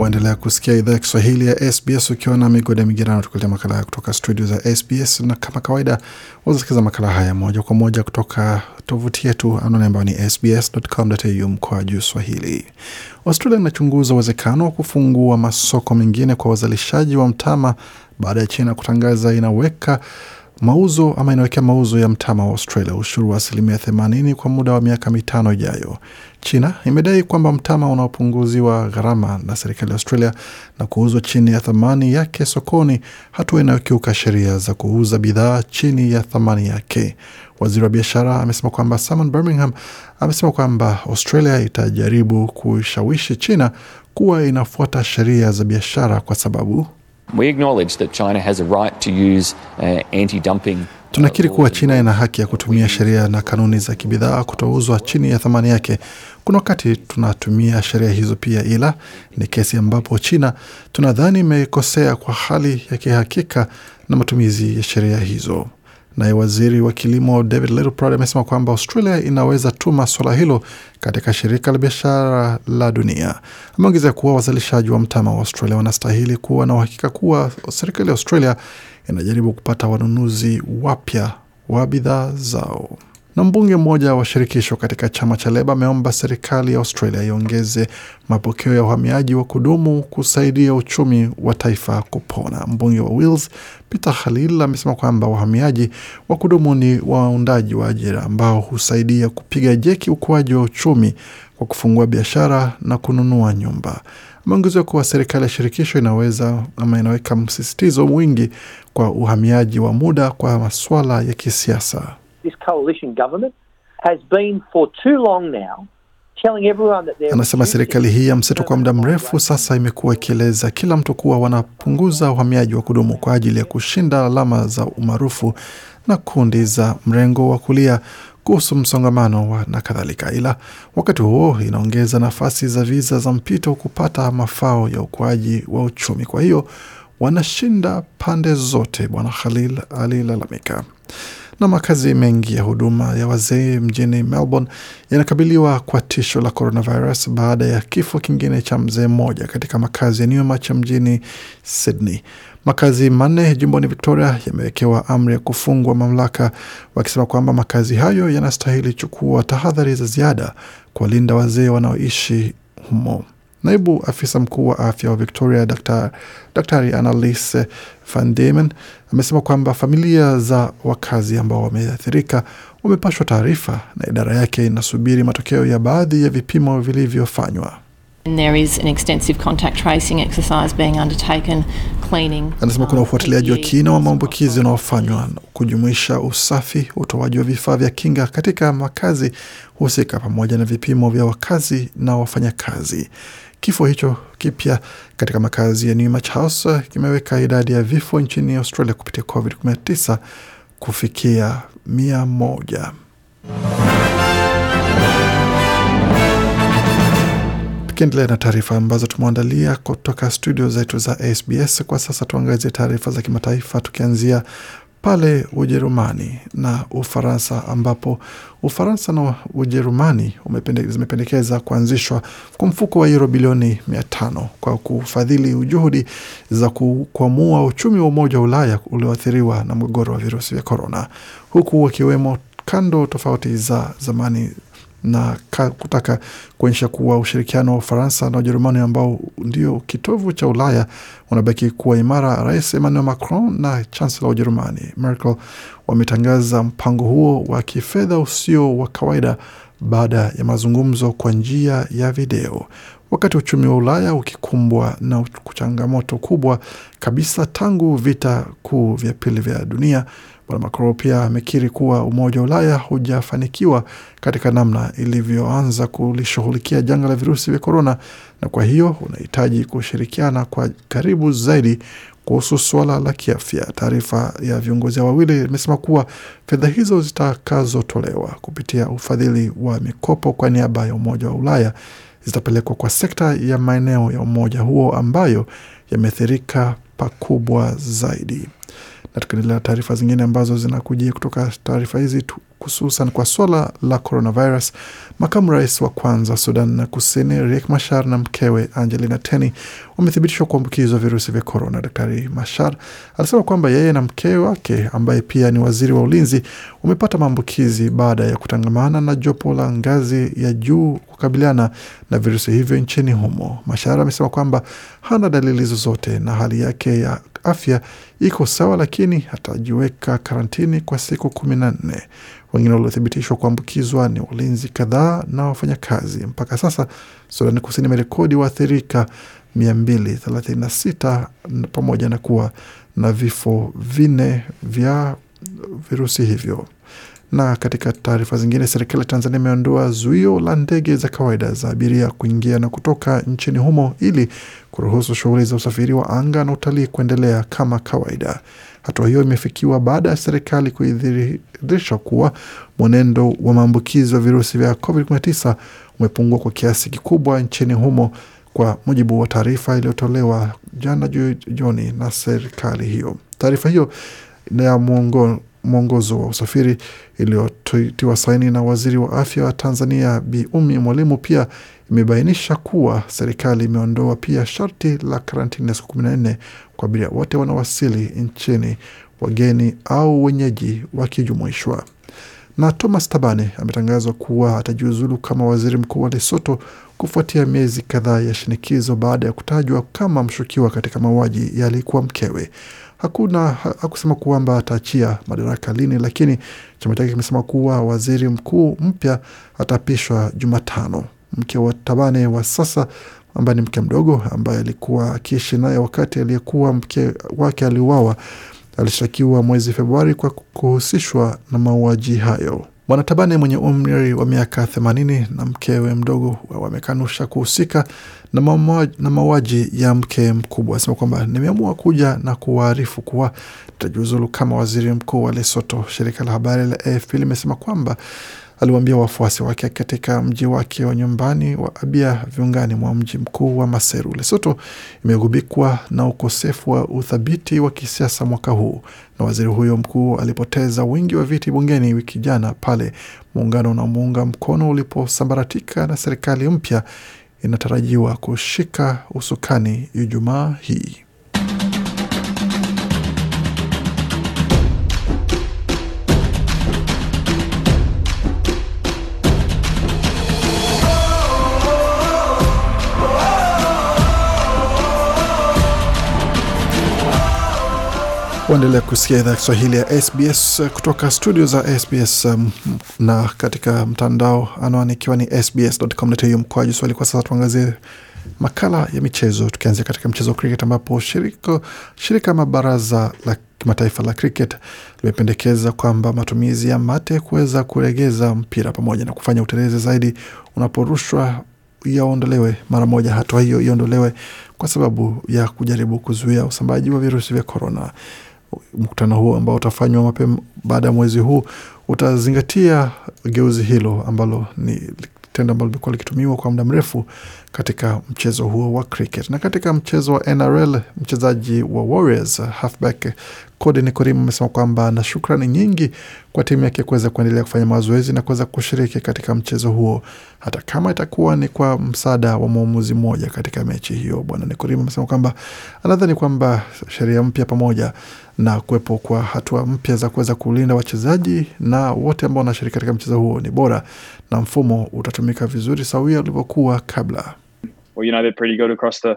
Waendelea kusikia idhaa ya Kiswahili ya SBS ukiwa na migode migerano, tukuletea makala haya kutoka studio za SBS na kama kawaida, wazasikiza makala haya moja kwa moja kutoka tovuti yetu anaone ambayo ni sbs.com.au juu swahili. Australia inachunguza uwezekano wa kufungua masoko mengine kwa wazalishaji wa mtama baada ya China kutangaza inaweka mauzo ama inawekea mauzo ya mtama wa Australia ushuru wa asilimia 80 kwa muda wa miaka mitano ijayo. China imedai kwamba mtama unaopunguziwa gharama na serikali ya Australia na kuuzwa chini ya thamani yake sokoni, hatua inayokiuka sheria za kuuza bidhaa chini ya thamani yake. Waziri wa biashara amesema kwamba Simon Birmingham amesema kwamba Australia itajaribu kushawishi China kuwa inafuata sheria za biashara kwa sababu We acknowledge that China has a right to use uh, anti-dumping uh, Tunakiri kuwa China ina haki ya kutumia sheria na kanuni za kibidhaa kutouzwa chini ya thamani yake. Kuna wakati tunatumia sheria hizo pia, ila ni kesi ambapo China tunadhani imekosea kwa hali ya kihakika na matumizi ya sheria hizo. Naye waziri wa kilimo David Littleproud amesema kwamba Australia inaweza tuma swala hilo katika shirika la biashara la dunia. Ameongezea kuwa wazalishaji wa mtama wa Australia wanastahili kuwa na uhakika kuwa serikali ya Australia inajaribu kupata wanunuzi wapya wa bidhaa zao. Na mbunge mmoja wa shirikisho katika chama cha Leba ameomba serikali ya Australia iongeze mapokeo ya uhamiaji wa kudumu kusaidia uchumi wa taifa kupona. Mbunge wa Wills Peter Khalil amesema kwamba wahamiaji wa kudumu ni waundaji wa ajira ambao husaidia kupiga jeki ukuaji wa uchumi kwa kufungua biashara na kununua nyumba. Ameongezea kuwa serikali ya shirikisho inaweza ama inaweka msisitizo mwingi kwa uhamiaji wa muda kwa masuala ya kisiasa this coalition government has been for too long now Anasema serikali hii ya mseto kwa muda mrefu sasa imekuwa ikieleza kila mtu kuwa wanapunguza uhamiaji wa kudumu kwa ajili ya kushinda alama za umaarufu na kundi za mrengo wa kulia kuhusu msongamano na kadhalika, ila wakati huo inaongeza nafasi za viza za mpito kupata mafao ya ukuaji wa uchumi. Kwa hiyo wanashinda pande zote, Bwana Khalil alilalamika na makazi mengi ya huduma ya wazee mjini Melbourne yanakabiliwa kwa tisho la coronavirus baada ya kifo kingine cha mzee mmoja katika makazi ya nyuma cha mjini Sydney. Makazi manne jimboni Victoria yamewekewa amri ya kufungwa, mamlaka wakisema kwamba makazi hayo yanastahili chukua tahadhari za ziada kuwalinda wazee wanaoishi humo. Naibu afisa mkuu wa afya wa Victoria Daktari, Daktari Annaliese van Diemen amesema kwamba familia za wakazi ambao wameathirika wamepashwa taarifa na idara yake inasubiri matokeo ya baadhi ya vipimo vilivyofanywa. Anasema kuna ufuatiliaji wa um, kina wa maambukizi unaofanywa kujumuisha usafi, utoaji wa vifaa vya kinga katika makazi husika, pamoja na vipimo vya wakazi na wafanyakazi. Kifo hicho kipya katika makazi ya Newmarch House kimeweka idadi ya vifo nchini Australia kupitia COVID-19 kufikia mia moja. Tukiendelea na taarifa ambazo tumeandalia kutoka studio zetu za SBS, kwa sasa tuangazie taarifa za kimataifa, tukianzia pale Ujerumani na Ufaransa, ambapo Ufaransa na Ujerumani zimependekeza kuanzishwa kwa mfuko wa euro bilioni mia tano kwa kufadhili juhudi za kukwamua uchumi wa Umoja wa Ulaya ulioathiriwa na mgogoro wa virusi vya korona, huku wakiwemo kando tofauti za zamani na kutaka kuonyesha kuwa ushirikiano wa Ufaransa na Ujerumani ambao ndio kitovu cha Ulaya unabaki kuwa imara. Rais Emmanuel Macron na chansela wa Ujerumani Merkel wametangaza mpango huo wa kifedha usio wa kawaida baada ya mazungumzo kwa njia ya video, wakati uchumi wa Ulaya ukikumbwa na changamoto kubwa kabisa tangu vita kuu vya pili vya dunia. Bwana Macron pia amekiri kuwa Umoja wa Ulaya hujafanikiwa katika namna ilivyoanza kulishughulikia janga la virusi vya korona, na kwa hiyo unahitaji kushirikiana kwa karibu zaidi kuhusu suala la kiafya. Taarifa ya viongozi hao wawili imesema kuwa fedha hizo zitakazotolewa kupitia ufadhili wa mikopo kwa niaba ya Umoja wa Ulaya zitapelekwa kwa sekta ya maeneo ya umoja huo ambayo yameathirika pakubwa zaidi na tukaendelea taarifa zingine ambazo zinakujia kutoka taarifa hizi tu hususan kwa swala la coronavirus. Makamu rais wa kwanza Sudan na Kusini Riek mashar na mkewe Angelina Teny wamethibitishwa kuambukizwa virusi vya korona. Daktari mashar alisema kwamba yeye na mke wake ambaye pia ni waziri wa ulinzi wamepata maambukizi baada ya kutangamana na jopo la ngazi ya juu kukabiliana na virusi hivyo nchini humo. mashar amesema kwamba hana dalili zozote na hali yake ya afya iko sawa, lakini atajiweka karantini kwa siku kumi na nne. Wengine waliothibitishwa kuambukizwa ni walinzi kadhaa na wafanyakazi. Mpaka sasa Sudani Kusini imerekodi waathirika 236 pamoja na kuwa na vifo vinne vya virusi hivyo. Na katika taarifa zingine, serikali ya Tanzania imeondoa zuio la ndege za kawaida za abiria kuingia na kutoka nchini humo ili kuruhusu shughuli za usafiri wa anga na utalii kuendelea kama kawaida. Hatua hiyo imefikiwa baada ya serikali kuidhirisha kuwa mwenendo wa maambukizi wa virusi vya COVID-19 umepungua kwa kiasi kikubwa nchini humo, kwa mujibu wa taarifa iliyotolewa jana jioni na serikali hiyo. Taarifa hiyo ya mwongozo wa usafiri iliyotiwa saini na waziri wa afya wa Tanzania Bi Umi Mwalimu pia imebainisha kuwa serikali imeondoa pia sharti la karantini ya siku 14 kwa abiria wote wanaowasili nchini, wageni au wenyeji wakijumuishwa. Na Thomas Tabane ametangazwa kuwa atajiuzulu kama waziri mkuu wa lesoto kufuatia miezi kadhaa ya shinikizo baada ya kutajwa kama mshukiwa katika mauaji yalikuwa mkewe hakuna hakusema kwamba ataachia madaraka lini, lakini chama chake kimesema kuwa waziri mkuu mpya ataapishwa Jumatano. Mke wa Tabane wa sasa ambaye ni mke mdogo ambaye alikuwa akiishi naye wakati aliyekuwa mke wake aliuawa, alishtakiwa mwezi Februari kwa kuhusishwa na mauaji hayo. Bwana Tabane mwenye umri wa miaka themanini na mkewe mdogo wamekanusha kuhusika na mauaji ya mke mkubwa. Anasema kwamba nimeamua kuja na kuwaarifu kuwa nitajiuzulu kama waziri mkuu wa Lesoto. Shirika la habari la AFP limesema kwamba aliwaambia wafuasi wake katika mji wake wa nyumbani wa Abia, viungani mwa mji mkuu wa Maseru. Lesoto imegubikwa na ukosefu wa uthabiti wa kisiasa mwaka huu, na waziri huyo mkuu alipoteza wingi wa viti bungeni wiki jana pale muungano unaomuunga mkono uliposambaratika na serikali mpya inatarajiwa kushika usukani Ijumaa hii. Waendelea kusikia idhaa Kiswahili ya SBS eh, kutoka studio za SBS um, na katika mtandao anwani ikiwa ni sbs.com.au mkoaji swali. Kwa sasa tuangazie makala ya michezo, tukianzia katika mchezo wa cricket ambapo shiriko, shirika ama baraza la kimataifa la cricket limependekeza kwamba matumizi ya mate kuweza kuregeza mpira pamoja na kufanya utelezi zaidi unaporushwa yaondolewe mara moja. Hatua hiyo iondolewe kwa sababu ya kujaribu kuzuia usambaji wa virusi vya korona mkutano huo ambao utafanywa mapema baada ya mwezi huu utazingatia geuzi hilo ambalo ni tendo ambalo limekuwa likitumiwa kwa muda mrefu katika mchezo huo wa cricket. Na katika mchezo wa NRL, mchezaji wa Warriors halfback Cody Nicorim amesema kwamba na shukrani nyingi kwa timu yake kuweza kuendelea kufanya mazoezi na kuweza kushiriki katika mchezo huo, hata kama itakuwa ni kwa msaada wa mwamuzi mmoja katika mechi hiyo. Bwana Nikurim amesema kwamba anadhani kwamba sheria mpya pamoja na kuwepo kwa hatua mpya za kuweza kulinda wachezaji na wote ambao wanashiriki katika mchezo huo ni bora na mfumo utatumika vizuri sawia ulivyokuwa kabla. Well, you know,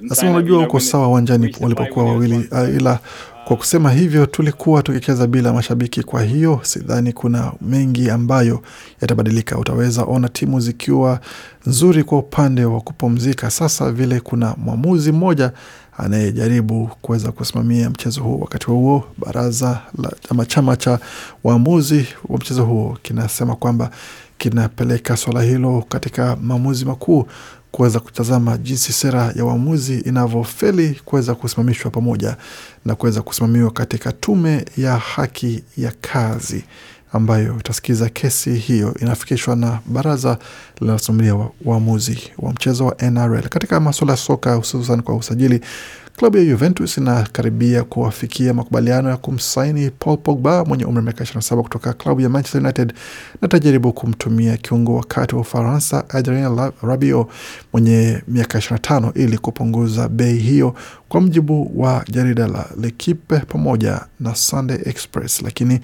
Nasema unajua uko sawa uwanjani walipokuwa wawili, ah, ila kwa kusema hivyo, tulikuwa tukicheza bila mashabiki, kwa hiyo sidhani kuna mengi ambayo yatabadilika. Utaweza ona timu zikiwa nzuri kwa upande wa kupumzika sasa vile kuna mwamuzi mmoja anayejaribu kuweza kusimamia mchezo huo. Wakati huo baraza la ama chama cha waamuzi wa mchezo huo kinasema kwamba kinapeleka swala hilo katika maamuzi makuu kuweza kutazama jinsi sera ya uamuzi inavyofeli kuweza kusimamishwa pamoja na kuweza kusimamiwa katika tume ya haki ya kazi ambayo itasikiza kesi hiyo inafikishwa na baraza linalosimamia uamuzi wa, wa mchezo wa NRL katika masuala ya soka hususan kwa usajili Klabu ya Juventus inakaribia kuwafikia makubaliano ya kumsaini Paul Pogba mwenye umri wa miaka 27 kutoka klabu ya Manchester United na tajaribu kumtumia kiungo wakati wa Ufaransa Adrien Rabiot mwenye miaka 25 ili kupunguza bei hiyo kwa mjibu wa jarida la lekipe pamoja na Sunday Express. Lakini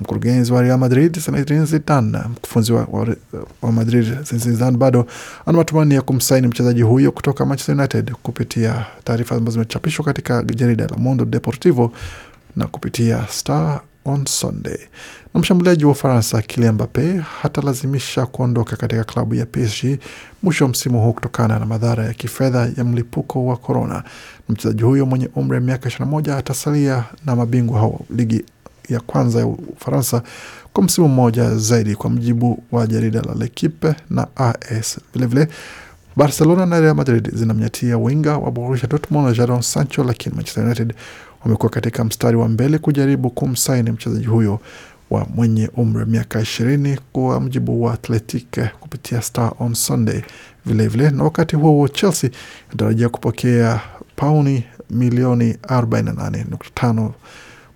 mkurugenzi wa Real Madrid Zinedine Zidane, mkufunzi wa, wa, wa Madrid Zidane bado ana matumaini ya kumsaini mchezaji huyo kutoka Manchester United kupitia taarifa ambazo zimechapishwa katika jarida la Mondo Deportivo na kupitia Star on Sunday. Na mshambuliaji wa Ufaransa Kylian Mbappe hatalazimisha kuondoka katika klabu ya PSG mwisho wa msimu huu kutokana na madhara ya kifedha ya mlipuko wa korona. Mchezaji huyo mwenye umri wa miaka 21 atasalia na mabingwa hao ligi ya kwanza ya Ufaransa kwa msimu mmoja zaidi, kwa mujibu wa jarida la L'Equipe na AS. Vilevile vile, Barcelona na Real Madrid zinamnyatia winga wa Borussia Dortmund na Jadon Sancho, lakini Manchester United wamekuwa katika mstari wa mbele kujaribu kumsaini mchezaji huyo wa mwenye umri wa miaka ishirini kwa mjibu wa Athletic kupitia Star on Sunday vilevile vile. Na wakati huo huo Chelsea inatarajia kupokea pauni milioni 48.5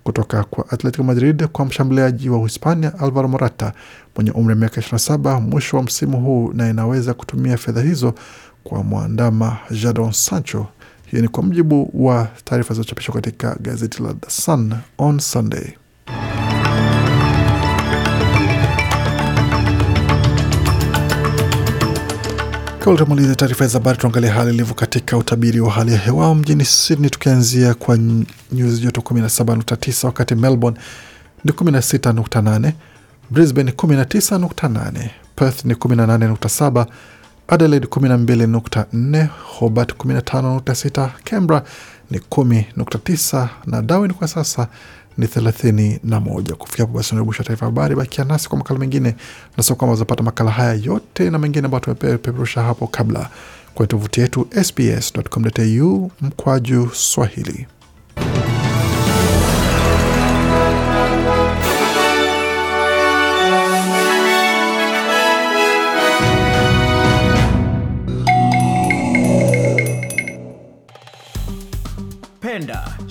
kutoka kwa Atletico Madrid kwa mshambuliaji wa Uhispania Alvaro Morata mwenye umri wa miaka 27 mwisho wa msimu huu na inaweza kutumia fedha hizo kwa mwandama Jadon Sancho. Hiyo ni kwa mujibu wa taarifa zilizochapishwa katika gazeti la The Sun on Sunday. Kabla tumalize taarifa za habari, tuangalia hali ilivyo katika utabiri wa hali ya hewa mjini Sydney, tukianzia kwa nyuzi joto 17.9, wakati Melbourne ni 16.8 Brisbane 19.8, Perth ni 18.7, Adelaide 12.4, Hobart 15.6, Canberra ni 10.9 na Darwin kwa sasa ni 31. Kufikia hapo basi unarebusha taifa habari. Bakia nasi kwa makala mengine, na sio kwamba zapata makala haya yote na mengine ambayo tumepeperusha hapo kabla kwa tovuti yetu sbs.com.au mkwaju Swahili.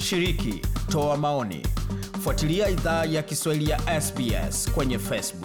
kushiriki, toa maoni, fuatilia idhaa ya Kiswahili ya SBS kwenye Facebook.